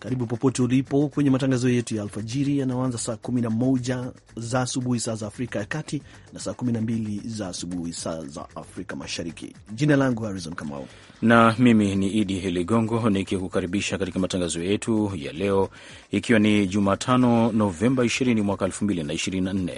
Karibu popote ulipo kwenye matangazo yetu ya alfajiri yanayoanza saa 11 za asubuhi saa za Afrika ya Kati na saa 12 za asubuhi saa za Afrika Mashariki. Jina langu Harrison Kamau na mimi ni Idi Ligongo nikikukaribisha katika matangazo yetu ya leo, ikiwa ni Jumatano Novemba 20 mwaka 2024.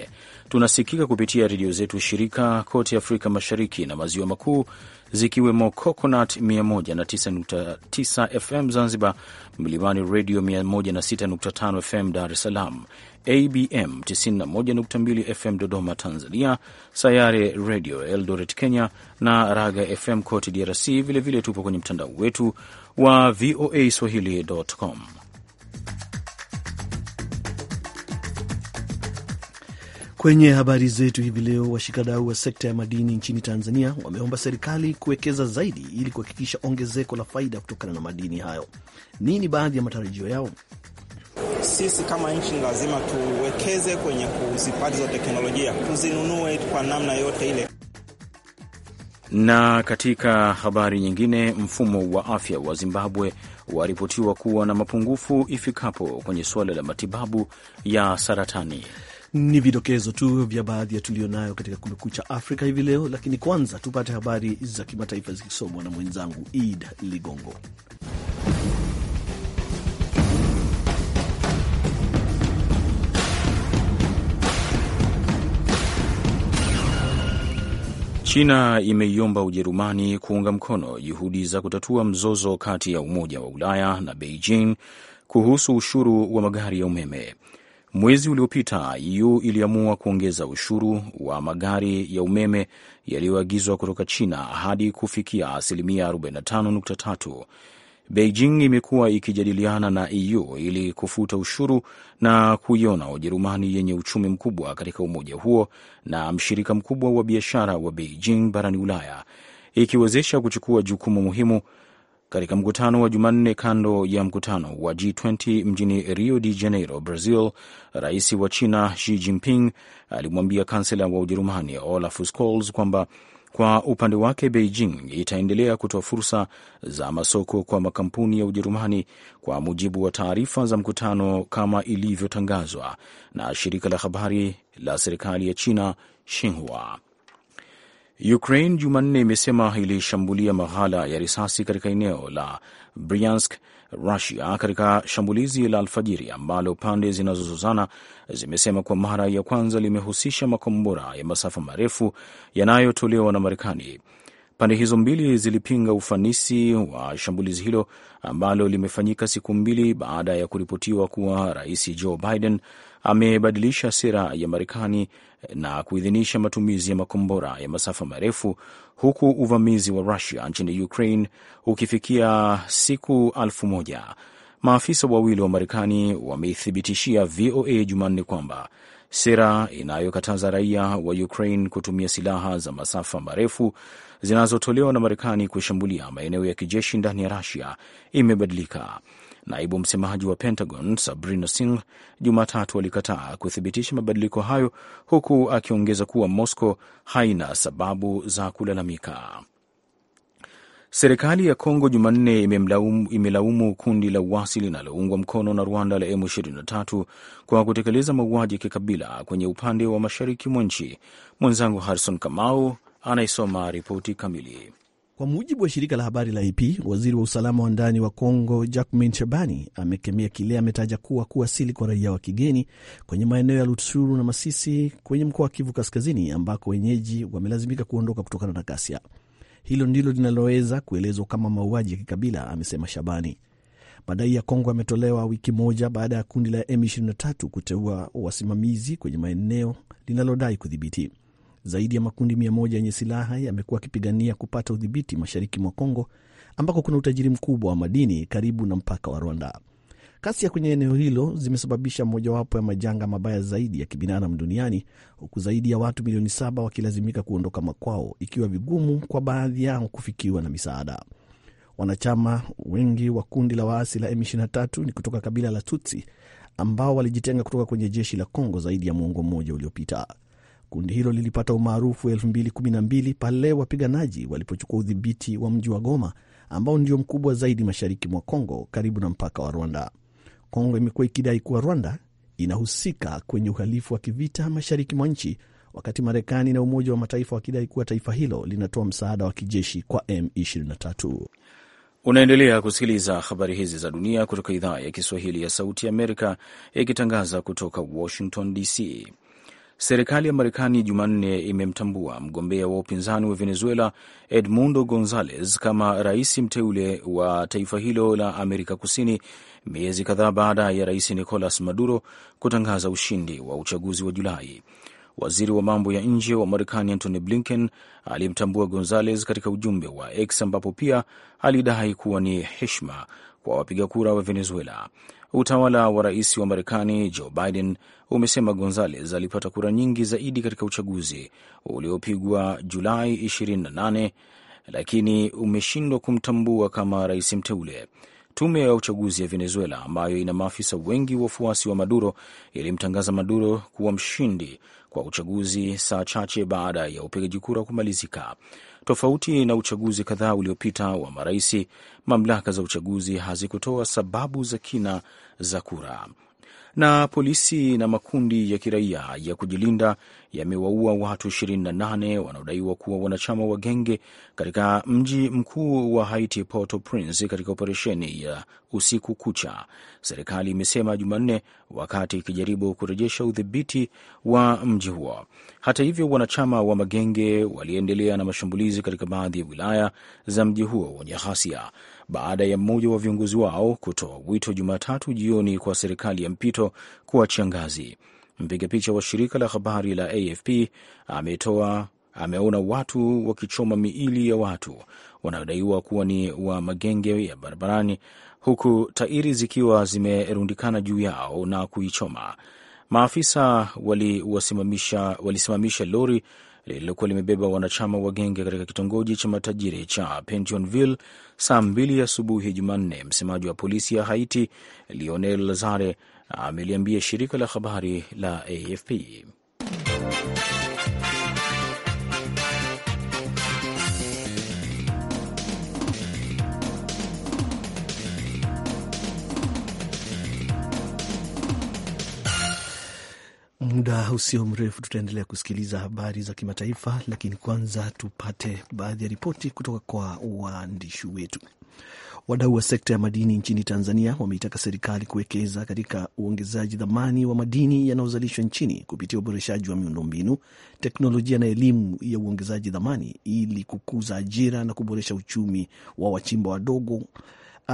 Tunasikika kupitia redio zetu shirika kote Afrika Mashariki na Maziwa Makuu zikiwemo Coconut 109.9 FM Zanzibar, Mlimani Radio 106.5 FM Dar es Salaam, ABM 91.2 FM Dodoma Tanzania, Sayare Radio Eldoret Kenya na Raga FM kote DRC. Vilevile tupo kwenye mtandao wetu wa VOA swahili.com. Kwenye habari zetu hivi leo, washikadau wa sekta ya madini nchini Tanzania wameomba serikali kuwekeza zaidi ili kuhakikisha ongezeko la faida kutokana na madini hayo. Nini baadhi ya matarajio yao? Sisi kama nchi lazima tuwekeze kwenye kuzipati za teknolojia, tuzinunue kwa namna yote ile. Na katika habari nyingine, mfumo wa afya wa Zimbabwe waripotiwa kuwa na mapungufu ifikapo kwenye suala la matibabu ya saratani. Ni vidokezo tu vya baadhi ya tulionayo katika Kumekucha Afrika hivi leo, lakini kwanza tupate habari za kimataifa zikisomwa na mwenzangu Id Ligongo. China imeiomba Ujerumani kuunga mkono juhudi za kutatua mzozo kati ya Umoja wa Ulaya na Beijing kuhusu ushuru wa magari ya umeme. Mwezi uliopita EU iliamua kuongeza ushuru wa magari ya umeme yaliyoagizwa kutoka China hadi kufikia asilimia 45.3. Beijing imekuwa ikijadiliana na EU ili kufuta ushuru na kuiona Ujerumani yenye uchumi mkubwa katika umoja huo na mshirika mkubwa wa biashara wa Beijing barani Ulaya, ikiwezesha kuchukua jukumu muhimu katika mkutano wa Jumanne kando ya mkutano wa G20 mjini Rio de Janeiro, Brazil, rais wa China Xi Jinping alimwambia kansela wa Ujerumani Olaf Scholz kwamba kwa upande wake Beijing itaendelea kutoa fursa za masoko kwa makampuni ya Ujerumani kwa mujibu wa taarifa za mkutano kama ilivyotangazwa na shirika la habari la serikali ya China Xinhua. Ukraine Jumanne imesema ilishambulia maghala ya risasi katika eneo la Bryansk, Rusia, katika shambulizi la alfajiri ambalo pande zinazozozana zimesema kwa mara ya kwanza limehusisha makombora ya masafa marefu yanayotolewa na Marekani. Pande hizo mbili zilipinga ufanisi wa shambulizi hilo ambalo limefanyika siku mbili baada ya kuripotiwa kuwa Rais Joe Biden amebadilisha sera ya Marekani na kuidhinisha matumizi ya makombora ya masafa marefu, huku uvamizi wa Rusia nchini Ukraine ukifikia siku elfu moja. Maafisa wawili wa Marekani wameithibitishia VOA Jumanne kwamba sera inayokataza raia wa Ukraine kutumia silaha za masafa marefu zinazotolewa na Marekani kushambulia maeneo ya kijeshi ndani ya Rusia imebadilika. Naibu msemaji wa Pentagon Sabrina Singh Jumatatu alikataa kuthibitisha mabadiliko hayo, huku akiongeza kuwa Moscow haina sababu za kulalamika. Serikali ya Kongo Jumanne imelaumu kundi la uasi linaloungwa mkono na Rwanda la M23 kwa kutekeleza mauaji ya kikabila kwenye upande wa mashariki mwa nchi. Mwenzangu Harrison Kamau anayesoma ripoti kamili. Kwa mujibu wa shirika la habari la AP, waziri wa usalama wa ndani wa congo Jacmin Shabani amekemea kile ametaja kuwa kuwasili kwa raia wa kigeni kwenye maeneo ya Lutsuru na Masisi kwenye mkoa wa Kivu Kaskazini, ambako wenyeji wamelazimika kuondoka kutokana na ghasia. Hilo ndilo linaloweza kuelezwa kama mauaji ya kikabila, amesema Shabani. Madai ya Kongo yametolewa wiki moja baada ya kundi la M23 kuteua wasimamizi kwenye maeneo linalodai kudhibiti. Zaidi ya makundi mia moja yenye silaha yamekuwa yakipigania kupata udhibiti mashariki mwa Kongo ambako kuna utajiri mkubwa wa madini karibu na mpaka wa Rwanda. Kasi ya kwenye eneo hilo zimesababisha mojawapo ya majanga mabaya zaidi ya kibinadamu duniani huku zaidi ya watu milioni saba wakilazimika kuondoka makwao, ikiwa vigumu kwa baadhi yao kufikiwa na misaada. Wanachama wengi wa kundi la waasi la M23 ni kutoka kabila la Tutsi ambao walijitenga kutoka kwenye jeshi la Kongo zaidi ya muongo mmoja uliopita. Kundi hilo lilipata umaarufu 2012 pale wapiganaji walipochukua udhibiti wa mji wa Goma ambao ndio mkubwa zaidi mashariki mwa Kongo, karibu na mpaka wa Rwanda. Kongo imekuwa ikidai kuwa Rwanda inahusika kwenye uhalifu wa kivita mashariki mwa nchi, wakati Marekani na Umoja wa Mataifa wakidai kuwa taifa hilo linatoa msaada wa kijeshi kwa M23. Unaendelea kusikiliza habari hizi za dunia kutoka idhaa ya Kiswahili ya Sauti ya Amerika, ikitangaza kutoka Washington DC. Serikali ya Marekani Jumanne imemtambua mgombea wa upinzani wa Venezuela Edmundo Gonzalez kama rais mteule wa taifa hilo la Amerika Kusini, miezi kadhaa baada ya rais Nicolas Maduro kutangaza ushindi wa uchaguzi wa Julai. Waziri wa mambo ya nje wa Marekani Antony Blinken alimtambua Gonzalez katika ujumbe wa X ambapo pia alidai kuwa ni heshima kwa wapiga kura wa Venezuela. Utawala wa rais wa Marekani Joe Biden umesema Gonzales alipata kura nyingi zaidi katika uchaguzi uliopigwa Julai 28 lakini umeshindwa kumtambua kama rais mteule. Tume ya uchaguzi ya Venezuela, ambayo ina maafisa wengi wafuasi wa Maduro, ilimtangaza Maduro kuwa mshindi kwa uchaguzi saa chache baada ya upigaji kura kumalizika. Tofauti na uchaguzi kadhaa uliopita wa maraisi, mamlaka za uchaguzi hazikutoa sababu za kina za kura na polisi na makundi ya kiraia ya kujilinda yamewaua watu 28 wanaodaiwa kuwa wanachama wa genge katika mji mkuu wa Haiti, port prince katika operesheni ya usiku kucha, serikali imesema Jumanne, wakati ikijaribu kurejesha udhibiti wa mji huo. Hata hivyo, wanachama wa magenge waliendelea na mashambulizi katika baadhi ya wilaya za mji huo wenye ghasia baada ya mmoja wa viongozi wao kutoa wito Jumatatu jioni kwa serikali ya mpito kuachia ngazi. Mpiga picha wa shirika la habari la AFP ametoa ameona watu wakichoma miili ya watu wanaodaiwa kuwa ni wa magenge ya barabarani huku tairi zikiwa zimerundikana juu yao na kuichoma. Maafisa walisimamisha wali lori lililokuwa limebeba wanachama wa genge katika kitongoji cha matajiri cha Pentonville saa mbili asubuhi Jumanne. Msemaji wa polisi ya Haiti Lionel Lazare ameliambia shirika la habari la AFP muda usio mrefu tutaendelea kusikiliza habari za kimataifa, lakini kwanza tupate baadhi ya ripoti kutoka kwa waandishi wetu. Wadau wa sekta ya madini nchini Tanzania wameitaka serikali kuwekeza katika uongezaji dhamani wa madini yanayozalishwa nchini kupitia uboreshaji wa miundombinu, teknolojia na elimu ya uongezaji dhamani ili kukuza ajira na kuboresha uchumi wa wachimba wadogo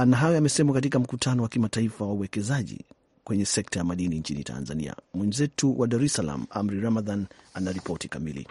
na hayo yamesemwa katika mkutano wa kimataifa wa uwekezaji kwenye sekta ya madini nchini Tanzania. Mwenzetu wa Dar es Salaam, Amri Ramadhan, anaripoti kamili.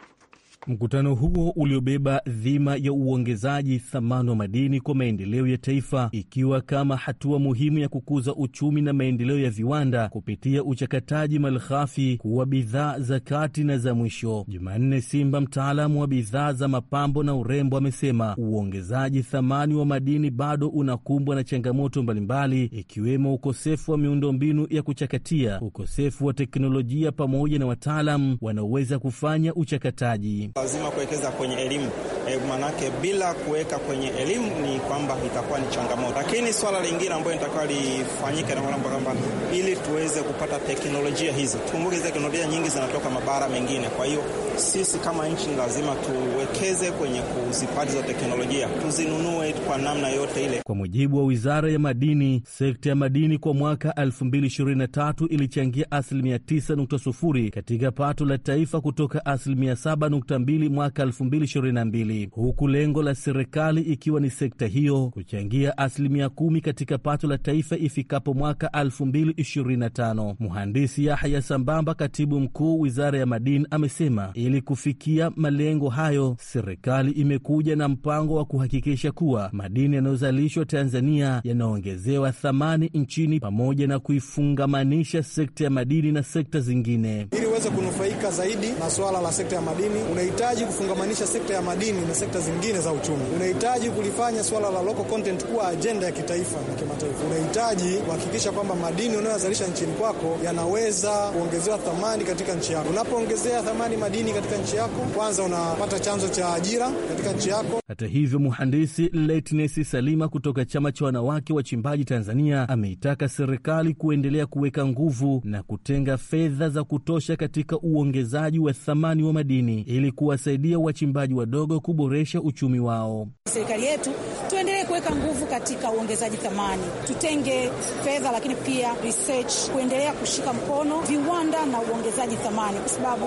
Mkutano huo uliobeba dhima ya uongezaji thamani wa madini kwa maendeleo ya taifa, ikiwa kama hatua muhimu ya kukuza uchumi na maendeleo ya viwanda kupitia uchakataji malighafi kuwa bidhaa za kati na za mwisho. Jumanne Simba, mtaalamu wa bidhaa za mapambo na urembo, amesema uongezaji thamani wa madini bado unakumbwa na changamoto mbalimbali, ikiwemo ukosefu wa miundombinu ya kuchakatia, ukosefu wa teknolojia, pamoja na wataalam wanaoweza kufanya uchakataji lazima kuwekeza kwenye elimu e, manake bila kuweka kwenye elimu ni kwamba itakuwa ni changamoto. Lakini swala lingine ambayo nitakuwa lifanyike na kwamba ili tuweze kupata teknolojia hizi, tukumbuke teknolojia nyingi zinatoka mabara mengine. Kwa hiyo sisi kama nchi lazima tuwekeze kwenye kuzipata hizo teknolojia, tuzinunue kwa namna yote ile. Kwa mujibu wa wizara ya madini, sekta ya madini kwa mwaka 2023 ilichangia asilimia 9.0 katika pato la taifa kutoka asilimia 7.2 mwaka 2022 serikali, huku lengo la serikali ikiwa ni sekta hiyo kuchangia asilimia kumi katika pato la taifa ifikapo mwaka 2025. Mhandisi Yahya Sambamba, katibu mkuu wizara ya madini, amesema ili kufikia malengo hayo, serikali imekuja na mpango wa kuhakikisha kuwa madini yanayozalishwa Tanzania yanaongezewa thamani nchini pamoja na kuifungamanisha sekta ya madini na sekta zingine tuweze kunufaika zaidi na swala la sekta ya madini. Unahitaji kufungamanisha sekta ya madini na sekta zingine za uchumi. Unahitaji kulifanya swala la local content kuwa ajenda ya kitaifa na kimataifa. Unahitaji kuhakikisha kwamba madini unayozalisha nchini kwako yanaweza kuongezewa thamani katika nchi yako. Unapoongezea thamani madini katika nchi yako, kwanza unapata chanzo cha ajira katika nchi yako. Hata hivyo, mhandisi Letnesi Salima kutoka chama cha wanawake wachimbaji Tanzania ameitaka serikali kuendelea kuweka nguvu na kutenga fedha za kutosha katika uongezaji wa thamani wa madini ili kuwasaidia wachimbaji wadogo kuboresha uchumi wao. Serikali yetu tuendelee kuweka nguvu katika uongezaji thamani, tutenge fedha, lakini pia research, kuendelea kushika mkono viwanda na uongezaji thamani, kwa sababu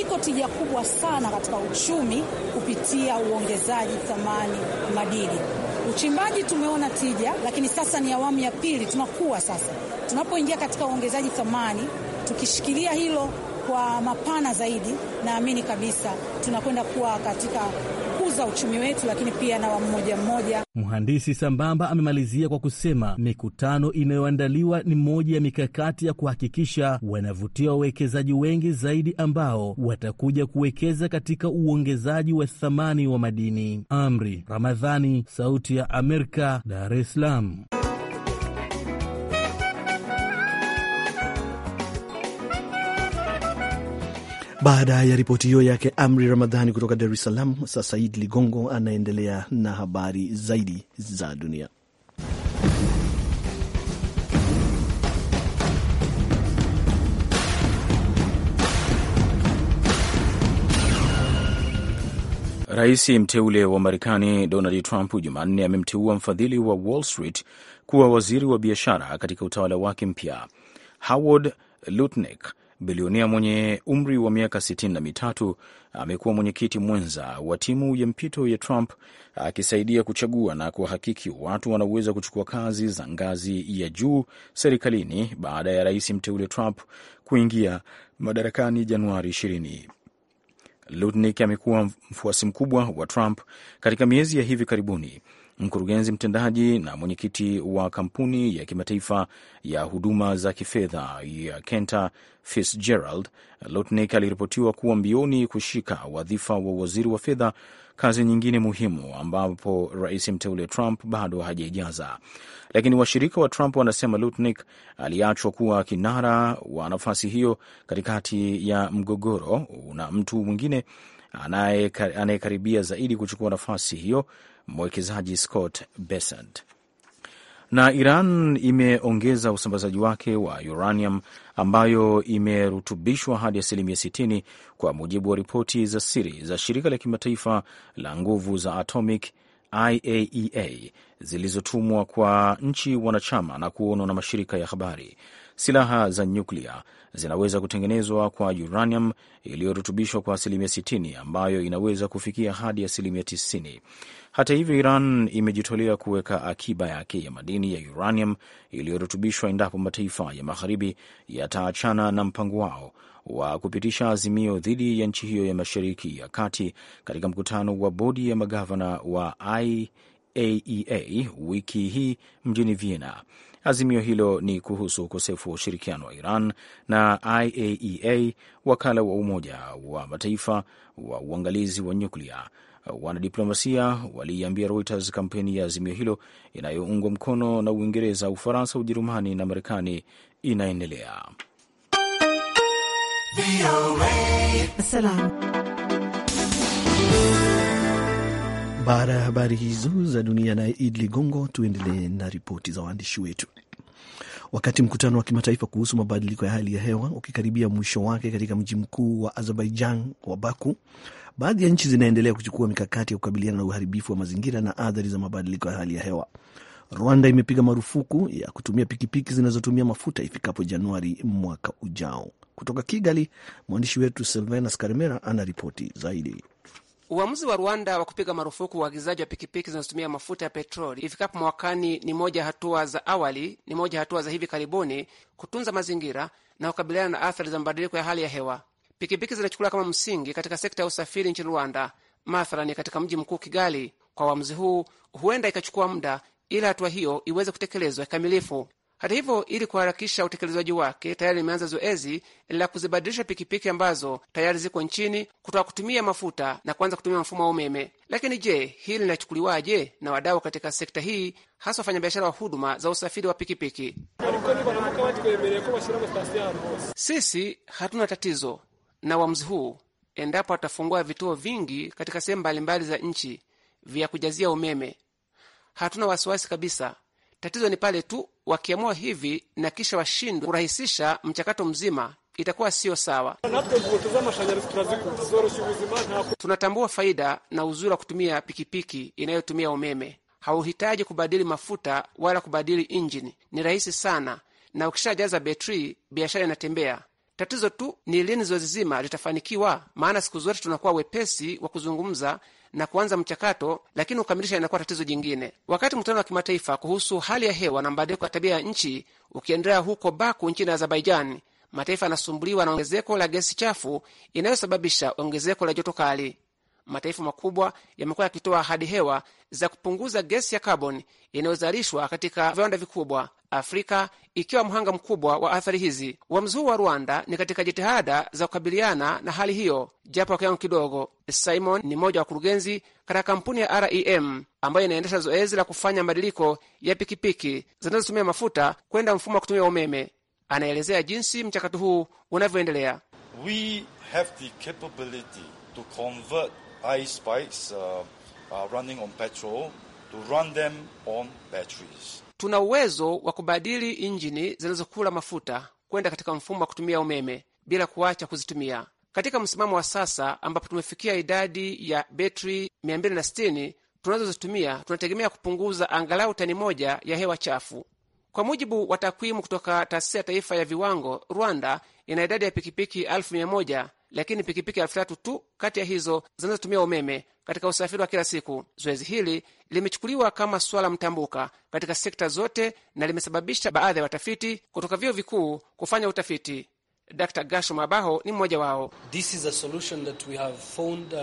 iko tija kubwa sana katika uchumi kupitia uongezaji thamani madini. Uchimbaji tumeona tija, lakini sasa ni awamu ya pili, tunakuwa sasa, tunapoingia katika uongezaji thamani, tukishikilia hilo kwa mapana zaidi, naamini kabisa tunakwenda kuwa katika kukuza uchumi wetu, lakini pia na wa mmoja mmoja. Mhandisi Sambamba amemalizia kwa kusema mikutano inayoandaliwa ni moja ya mikakati ya kuhakikisha wanavutia wawekezaji wengi zaidi ambao watakuja kuwekeza katika uongezaji wa thamani wa madini. Amri Ramadhani, Sauti ya Amerika, Dar es Salaam. Baada ya ripoti hiyo yake Amri Ramadhani kutoka Dar es Salaam. Sasa Idi Ligongo anaendelea na habari zaidi za dunia. Rais mteule wa Marekani Donald Trump Jumanne amemteua mfadhili wa Wall Street kuwa waziri wa biashara katika utawala wake mpya. Howard Lutnick Bilionea mwenye umri wa miaka sitini na mitatu amekuwa mwenyekiti mwenza wa timu ya mpito ya Trump, akisaidia kuchagua na kuhakiki watu wanaoweza kuchukua kazi za ngazi ya juu serikalini baada ya rais mteule Trump kuingia madarakani Januari 20. lutnik amekuwa mfuasi mkubwa wa Trump katika miezi ya hivi karibuni mkurugenzi mtendaji na mwenyekiti wa kampuni ya kimataifa ya huduma za kifedha ya Kenta Fitzgerald, Lotnik aliripotiwa kuwa mbioni kushika wadhifa wa waziri wa fedha, kazi nyingine muhimu ambapo rais mteule Trump bado hajaijaza. Lakini washirika wa Trump wanasema lutnik aliachwa kuwa kinara wa nafasi hiyo katikati ya mgogoro na mtu mwingine anayekaribia zaidi kuchukua nafasi hiyo mwekezaji Scott Bessent. Na Iran imeongeza usambazaji wake wa uranium ambayo imerutubishwa hadi asilimia 60 kwa mujibu wa ripoti za siri za shirika la kimataifa la nguvu za atomic IAEA e zilizotumwa kwa nchi wanachama na kuonwa na mashirika ya habari. Silaha za nyuklia zinaweza kutengenezwa kwa uranium iliyorutubishwa kwa asilimia 60 ambayo inaweza kufikia hadi asilimia 90. Hata hivyo, Iran imejitolea kuweka akiba yake ya madini ya uranium iliyorutubishwa endapo mataifa ya Magharibi yataachana na mpango wao wa kupitisha azimio dhidi ya nchi hiyo ya Mashariki ya Kati katika mkutano wa bodi ya magavana wa IAEA e wiki hii mjini Vienna. Azimio hilo ni kuhusu ukosefu wa ushirikiano wa Iran na IAEA, e wakala wa Umoja wa Mataifa wa uangalizi wa nyuklia. Wanadiplomasia waliiambia Reuters kampeni ya azimio hilo inayoungwa mkono na Uingereza, Ufaransa, Ujerumani na Marekani inaendelea. Baada ya habari hizo za dunia na Id Ligongo, tuendelee na ripoti za waandishi wetu. Wakati mkutano wa kimataifa kuhusu mabadiliko ya hali ya hewa ukikaribia mwisho wake katika mji mkuu wa Azerbaijan wa Baku, baadhi ya nchi zinaendelea kuchukua mikakati ya kukabiliana na uharibifu wa mazingira na athari za mabadiliko ya hali ya hewa. Rwanda imepiga marufuku ya kutumia pikipiki zinazotumia mafuta ifikapo Januari mwaka ujao. Kutoka Kigali, mwandishi wetu Silvanus Karemera ana ripoti zaidi. Uamuzi wa Rwanda wa kupiga marufuku uagizaji wa pikipiki zinazotumia mafuta ya petroli ifikapo mwakani ni moja hatua za awali, ni moja hatua za hivi karibuni kutunza mazingira na kukabiliana na athari za mabadiliko ya hali ya hewa. Pikipiki zinachukuliwa kama msingi katika sekta ya usafiri nchini Rwanda, mathalani katika mji mkuu Kigali. Kwa uamuzi huu, huenda ikachukua muda ili hatua hiyo iweze kutekelezwa kikamilifu. Hata hivyo, ili kuharakisha utekelezaji wake, tayari limeanza zoezi la kuzibadilisha pikipiki ambazo tayari ziko nchini kutoka kutumia mafuta na kuanza kutumia mfumo wa umeme. Lakini je, hili linachukuliwaje na wadau katika sekta hii, hasa wafanyabiashara wa huduma za usafiri wa pikipiki? Sisi hatuna tatizo na uamuzi huu endapo atafungua vituo vingi katika sehemu mbalimbali za nchi vya kujazia umeme. Hatuna wasiwasi kabisa. Tatizo ni pale tu wakiamua hivi na kisha washindwe kurahisisha mchakato mzima, itakuwa siyo sawa. Tunatambua faida na uzuri wa kutumia pikipiki inayotumia umeme. Hauhitaji kubadili mafuta wala kubadili injini, ni rahisi sana, na ukishajaza betri biashara inatembea. Tatizo tu ni lini zoezi zima litafanikiwa, maana siku zote tunakuwa wepesi wa kuzungumza na kuanza mchakato, lakini kukamilisha inakuwa tatizo jingine. Wakati mkutano wa kimataifa kuhusu hali ya hewa na mabadiliko ya tabia ya nchi ukiendelea huko Baku nchini Azerbaijan, mataifa yanasumbuliwa na ongezeko la gesi chafu inayosababisha ongezeko la joto kali mataifa makubwa yamekuwa yakitoa ahadi hewa za kupunguza gesi ya kaboni inayozalishwa katika viwanda vikubwa, Afrika ikiwa mhanga mkubwa wa athari hizi. Uamuzi huu wa Rwanda ni katika jitihada za kukabiliana na hali hiyo, japo kiwango kidogo. Simon ni mmoja wa wakurugenzi katika kampuni ya REM ambayo inaendesha zoezi la kufanya mabadiliko ya pikipiki zinazotumia mafuta kwenda mfumo wa kutumia umeme. Anaelezea jinsi mchakato huu unavyoendelea. We have the capability to convert ice bikes uh, uh, running on petrol to run them on batteries. Tuna uwezo wa kubadili injini zinazokula mafuta kwenda katika mfumo wa kutumia umeme bila kuacha kuzitumia. Katika msimamo wa sasa ambapo tumefikia idadi ya betri 260 tunazozitumia, tunategemea kupunguza angalau tani moja ya hewa chafu. Kwa mujibu wa takwimu kutoka taasisi ya taifa ya viwango, Rwanda ina idadi ya pikipiki elfu mia moja lakini pikipiki elfu tatu tu kati ya hizo zinazotumia umeme katika usafiri wa kila siku. Zoezi hili limechukuliwa kama swala mtambuka katika sekta zote na limesababisha baadhi ya watafiti kutoka vyuo vikuu kufanya utafiti. Dr. Gasho Mabaho ni mmoja wao. This is a solution that we have found, uh,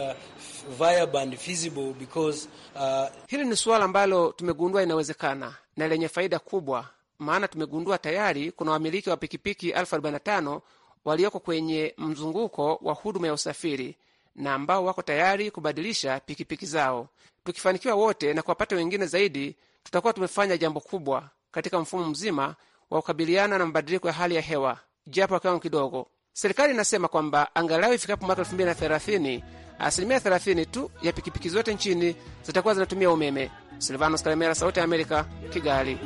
viable and feasible because, uh... hili ni suala ambalo tumegundua inawezekana na lenye faida kubwa, maana tumegundua tayari kuna wamiliki wa pikipiki elfu arobaini na tano walioko kwenye mzunguko wa huduma ya usafiri na ambao wako tayari kubadilisha pikipiki zao. Tukifanikiwa wote na kuwapata wengine zaidi, tutakuwa tumefanya jambo kubwa katika mfumo mzima wa kukabiliana na mabadiliko ya hali ya hewa, japo kwa kiwango kidogo. Serikali inasema kwamba angalau ifikapo mwaka 2030 asilimia 30 tu ya pikipiki zote nchini zitakuwa zinatumia umeme. Silvanos Kalemera, Sauti ya Amerika, Kigali.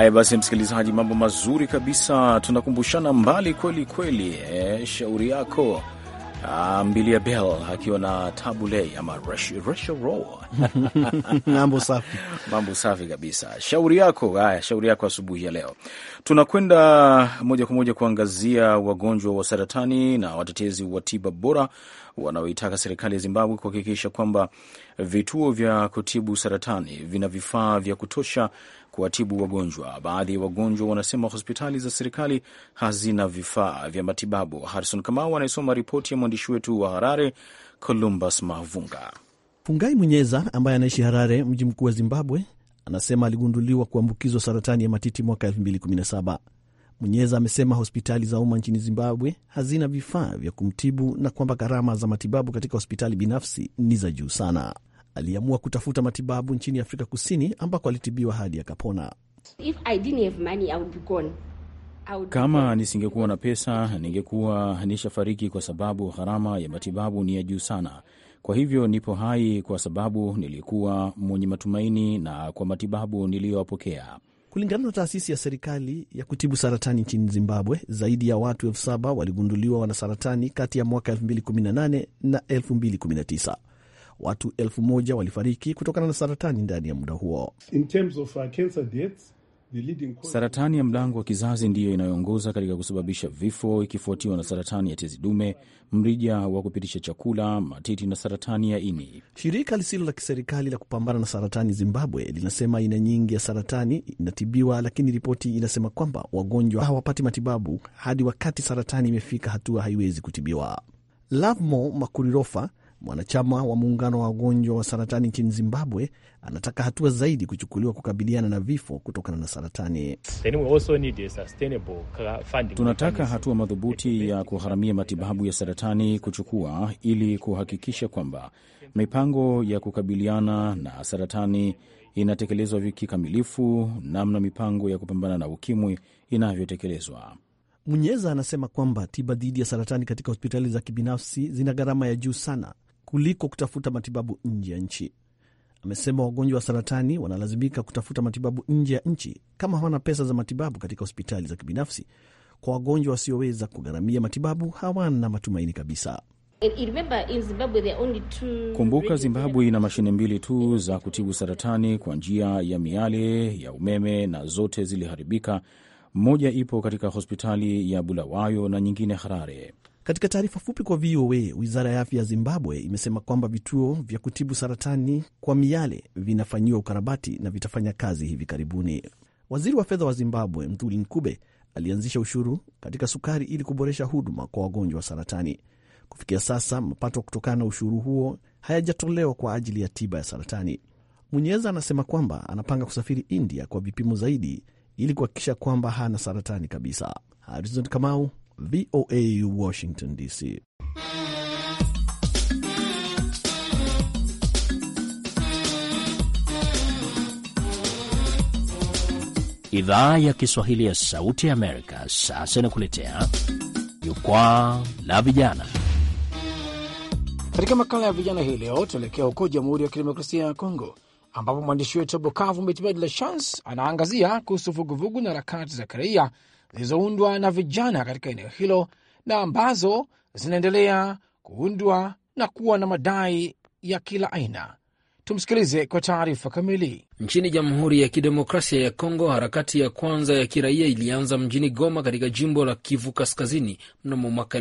Haya basi, msikilizaji, mambo mazuri kabisa, tunakumbushana mbali kweli kweli. E, shauri yako ah, Mbilia um, Bel akiwa na tabulei ama reshero mambo safi, mambo safi kabisa. Shauri yako haya, shauri yako asubuhi ya leo, tunakwenda moja kwa moja kuangazia wagonjwa wa saratani na watetezi wa tiba bora wanaoitaka serikali ya Zimbabwe kuhakikisha kwamba vituo vya kutibu saratani vina vifaa vya kutosha kuwatibu wagonjwa. Baadhi ya wagonjwa wanasema hospitali za serikali hazina vifaa vya matibabu. Harison Kamau anayesoma ripoti ya mwandishi wetu wa Harare, Columbus Mavunga. Fungai Mwenyeza ambaye anaishi Harare, mji mkuu wa Zimbabwe, anasema aligunduliwa kuambukizwa saratani ya matiti mwaka 2017. Munyeza amesema hospitali za umma nchini Zimbabwe hazina vifaa vya kumtibu na kwamba gharama za matibabu katika hospitali binafsi ni za juu sana. Aliamua kutafuta matibabu nchini Afrika Kusini ambako alitibiwa hadi akapona. Kama nisingekuwa na pesa, ningekuwa nishafariki kwa sababu gharama ya matibabu ni ya juu sana. Kwa hivyo nipo hai kwa sababu nilikuwa mwenye matumaini na kwa matibabu niliyopokea. Kulingana na taasisi ya serikali ya kutibu saratani nchini Zimbabwe, zaidi ya watu elfu saba waligunduliwa wana saratani kati ya mwaka 2018 na 2019. Watu elfu moja walifariki kutokana na saratani ndani ya muda huo. In terms of, uh, cancer deaths, Saratani ya mlango wa kizazi ndiyo inayoongoza katika kusababisha vifo, ikifuatiwa na saratani ya tezi dume, mrija wa kupitisha chakula, matiti na saratani ya ini. Shirika lisilo la kiserikali la kupambana na saratani Zimbabwe linasema aina nyingi ya saratani inatibiwa, lakini ripoti inasema kwamba wagonjwa hawapati matibabu hadi wakati saratani imefika hatua haiwezi kutibiwa. Lavmo Makurirofa Mwanachama wa muungano wa wagonjwa wa saratani nchini Zimbabwe anataka hatua zaidi kuchukuliwa kukabiliana na vifo kutokana na saratani. Tunataka hatua madhubuti ya kugharamia matibabu ya saratani kuchukua ili kuhakikisha kwamba mipango ya kukabiliana na saratani inatekelezwa kikamilifu namna mipango ya kupambana na ukimwi inavyotekelezwa. Munyeza anasema kwamba tiba dhidi ya saratani katika hospitali za kibinafsi zina gharama ya juu sana kuliko kutafuta matibabu nje ya nchi. Amesema wagonjwa wa saratani wanalazimika kutafuta matibabu nje ya nchi kama hawana pesa za matibabu katika hospitali za kibinafsi. Kwa wagonjwa wasioweza kugharamia matibabu, hawana matumaini kabisa. Kumbuka, Zimbabwe ina mashine mbili tu za kutibu saratani kwa njia ya miale ya umeme na zote ziliharibika. Moja ipo katika hospitali ya Bulawayo na nyingine Harare. Katika taarifa fupi kwa VOA, wizara ya afya ya Zimbabwe imesema kwamba vituo vya kutibu saratani kwa miale vinafanyiwa ukarabati na vitafanya kazi hivi karibuni. Waziri wa fedha wa Zimbabwe Mthuli nkube alianzisha ushuru katika sukari ili kuboresha huduma kwa wagonjwa wa saratani. Kufikia sasa, mapato kutokana na ushuru huo hayajatolewa kwa ajili ya tiba ya saratani. Munyeza anasema kwamba anapanga kusafiri India kwa vipimo zaidi ili kuhakikisha kwamba hana saratani kabisa. Harizon Kamau, VOA Washington DC. Idhaa ya Kiswahili ya Sauti ya Amerika sasa inakuletea jukwaa la vijana. Katika makala ya vijana hii leo, tuelekea huko Jamhuri ya Kidemokrasia ya Kongo, ambapo mwandishi wetu wa Bukavu Mitimadi La Chance anaangazia kuhusu vuguvugu na harakati za kiraia zilizoundwa na vijana katika eneo hilo na ambazo zinaendelea kuundwa na kuwa na madai ya kila aina Tumsikilize kwa taarifa kamili. Nchini Jamhuri ya Kidemokrasia ya Kongo, harakati ya kwanza ya kiraia ilianza mjini Goma katika jimbo la Kivu Kaskazini mnamo mwaka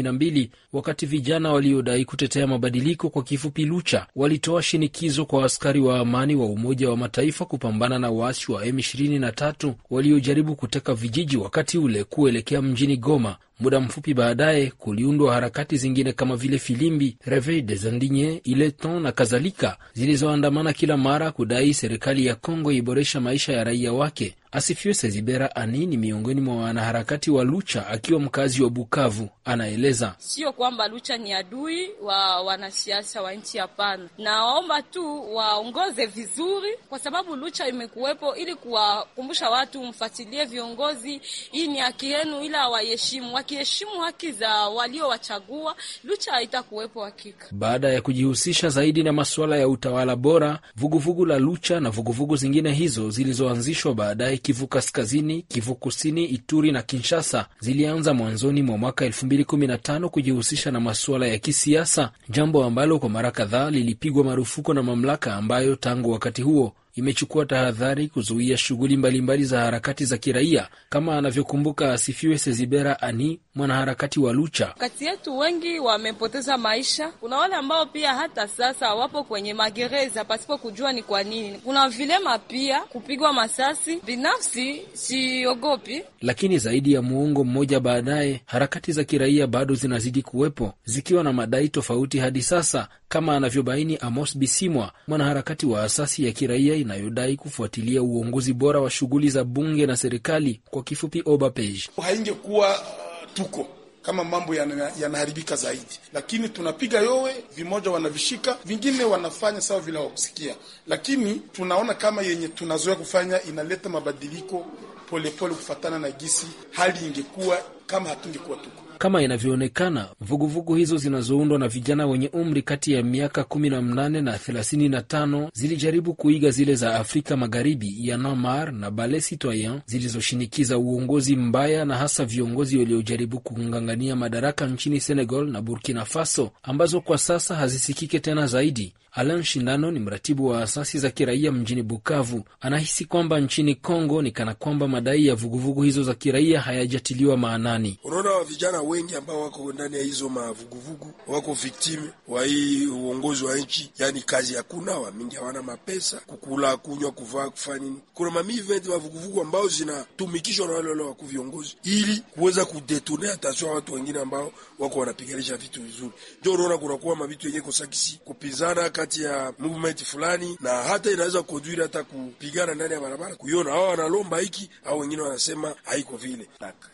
mbili wakati vijana waliodai kutetea mabadiliko, kwa kifupi Lucha, walitoa shinikizo kwa askari wa amani wa Umoja wa Mataifa kupambana na waasi wa M23 waliojaribu kuteka vijiji wakati ule kuelekea mjini Goma Muda mfupi baadaye kuliundwa harakati zingine kama vile Filimbi, Reveil des Indignes, Ileton na kadhalika, zilizoandamana kila mara kudai serikali ya Kongo iboresha maisha ya raia wake. Asifiwe Sezibera Ani ni miongoni mwa wanaharakati wa Lucha akiwa mkazi wa Bukavu. Anaeleza sio kwamba Lucha ni adui wa wanasiasa wa nchi, hapana. Naomba tu waongoze vizuri, kwa sababu Lucha imekuwepo ili kuwakumbusha watu, mfuatilie viongozi, hii ni haki yenu, ila waheshimu. Wakiheshimu haki za waliowachagua, Lucha haitakuwepo hakika. Baada ya kujihusisha zaidi na masuala ya utawala bora, vuguvugu vugu la Lucha na vuguvugu vugu zingine hizo zilizoanzishwa baadaye Kivu Kaskazini, Kivu Kusini, Ituri na Kinshasa zilianza mwanzoni mwa mwaka 2015 kujihusisha na masuala ya kisiasa, jambo ambalo kwa mara kadhaa lilipigwa marufuku na mamlaka ambayo tangu wakati huo imechukua tahadhari kuzuia shughuli mbalimbali za harakati za kiraia, kama anavyokumbuka Asifiwe Sezibera Ani, mwanaharakati wa Lucha. Kati yetu wengi wamepoteza maisha. Kuna wale ambao pia hata sasa wapo kwenye magereza pasipo kujua ni kwa nini. Kuna vilema pia kupigwa masasi. Binafsi siogopi, lakini zaidi ya muongo mmoja baadaye, harakati za kiraia bado zinazidi kuwepo zikiwa na madai tofauti hadi sasa, kama anavyobaini Amos Bisimwa, mwanaharakati wa asasi ya kiraia inayodai kufuatilia uongozi bora wa shughuli za bunge na serikali, kwa kifupi OBAPEJ. Haingekuwa uh, tuko kama mambo yanaharibika yana zaidi, lakini tunapiga yowe, vimoja wanavishika, vingine wanafanya sawa vile wakusikia lakini tunaona kama yenye tunazoea kufanya inaleta mabadiliko polepole, kufatana na gisi hali ingekuwa kama hatungekuwa tuko kama inavyoonekana, vuguvugu hizo zinazoundwa na vijana wenye umri kati ya miaka 18 na 35 zilijaribu kuiga zile za Afrika Magharibi ya Namar na bale Citoyen zilizoshinikiza uongozi mbaya na hasa viongozi waliojaribu kung'ang'ania madaraka nchini Senegal na Burkina Faso ambazo kwa sasa hazisikike tena zaidi Alan Shindano ni mratibu wa asasi za kiraia mjini Bukavu. Anahisi kwamba nchini Kongo ni kana kwamba madai ya vuguvugu hizo za kiraia hayajatiliwa maanani. Unaona, wa vijana wengi ambao wako ndani ya hizo mavuguvugu wako viktime wa hii uongozi wa nchi, yaani kazi hakuna, wamingi hawana mapesa kukula, kunywa, kuvaa, kufanya nini. Kuna mamivment mavuguvugu ambao zinatumikishwa na wale wale wakuu viongozi ili kuweza kudetonea taswa watu wengine ambao wako wanapiganisha vitu vizuri, njo unaona kunakuwa mavitu yenye kosakisi kupinzana kati ya movement fulani, na hata inaweza kuduira hata kupigana ndani ya barabara, kuiona hao wanalomba hiki au wengine wanasema haiko vile.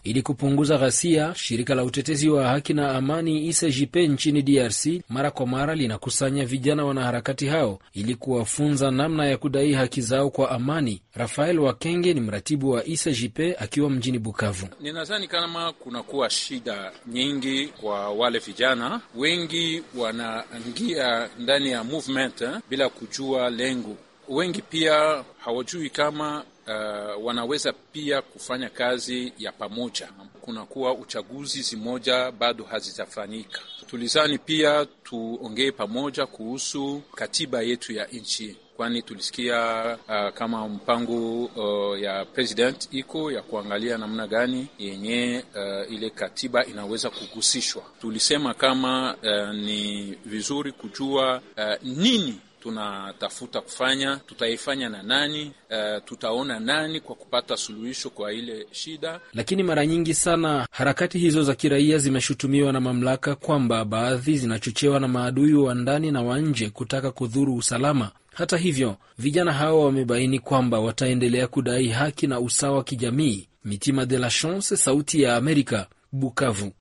Ili kupunguza ghasia, shirika la utetezi wa haki na amani ICJP e nchini DRC mara kwa mara linakusanya vijana wanaharakati hao ili kuwafunza namna ya kudai haki zao kwa amani. Rafael Wakenge ni mratibu wa ICJP e akiwa mjini Bukavu. Ninadhani kama kunakuwa shida nyingi kwa wale vijana, wengi wanaingia ndani ya movement eh, bila kujua lengo. Wengi pia hawajui kama uh, wanaweza pia kufanya kazi ya pamoja. Kunakuwa uchaguzi zimoja bado hazijafanyika. Tulizani pia tuongee pamoja kuhusu katiba yetu ya nchi kwani tulisikia uh, kama mpango uh, ya president iko ya kuangalia namna gani yenye uh, ile katiba inaweza kuhusishwa. Tulisema kama uh, ni vizuri kujua uh, nini tunatafuta kufanya, tutaifanya na nani, uh, tutaona nani kwa kupata suluhisho kwa ile shida. Lakini mara nyingi sana harakati hizo za kiraia zimeshutumiwa na mamlaka kwamba baadhi zinachochewa na maadui wa ndani na wa nje kutaka kudhuru usalama. Hata hivyo, vijana hao wamebaini kwamba wataendelea kudai haki na usawa kijamii. Mitima de la Chance, Sauti ya Amerika, Bukavu.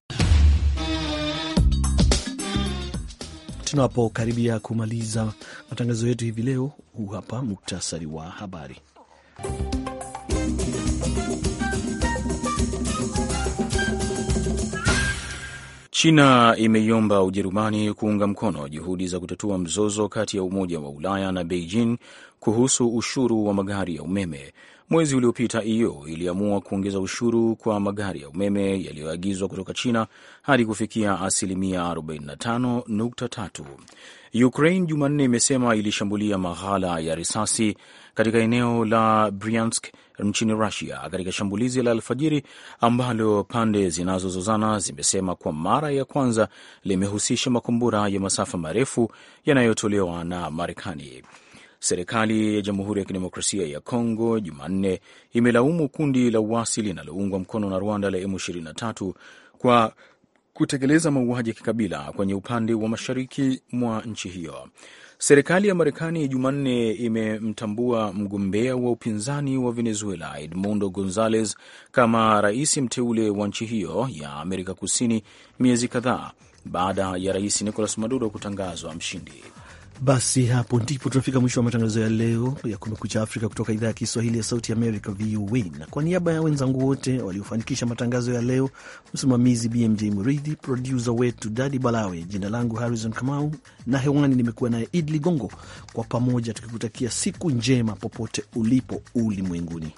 Tunapokaribia kumaliza matangazo yetu hivi leo, huu hapa muktasari wa habari. China imeiomba Ujerumani kuunga mkono juhudi za kutatua mzozo kati ya Umoja wa Ulaya na Beijing kuhusu ushuru wa magari ya umeme. Mwezi uliopita EU iliamua kuongeza ushuru kwa magari ya umeme yaliyoagizwa kutoka China hadi kufikia asilimia 45.3. Ukraine Jumanne imesema ilishambulia maghala ya risasi katika eneo la Bryansk nchini Rusia katika shambulizi la alfajiri ambalo pande zinazozozana zimesema kwa mara ya kwanza limehusisha makombora ya masafa marefu yanayotolewa na Marekani. Serikali ya Jamhuri ya Kidemokrasia ya Kongo Jumanne imelaumu kundi la uasi linaloungwa mkono na Rwanda la M23 kwa kutekeleza mauaji ya kikabila kwenye upande wa mashariki mwa nchi hiyo. Serikali ya Marekani Jumanne imemtambua mgombea wa upinzani wa Venezuela Edmundo Gonzalez kama rais mteule wa nchi hiyo ya Amerika Kusini, miezi kadhaa baada ya rais Nicolas Maduro kutangazwa mshindi. Basi hapo ndipo tunafika mwisho wa matangazo ya leo ya Kumekucha Afrika kutoka idhaa ya Kiswahili ya Sauti Amerika, VOA. Na kwa niaba ya wenzangu wote waliofanikisha matangazo ya leo, msimamizi BMJ Muridhi, produsa wetu Dadi Balawe, jina langu Harrison Kamau na hewani nimekuwa naye Id Ligongo, kwa pamoja tukikutakia siku njema popote ulipo ulimwenguni.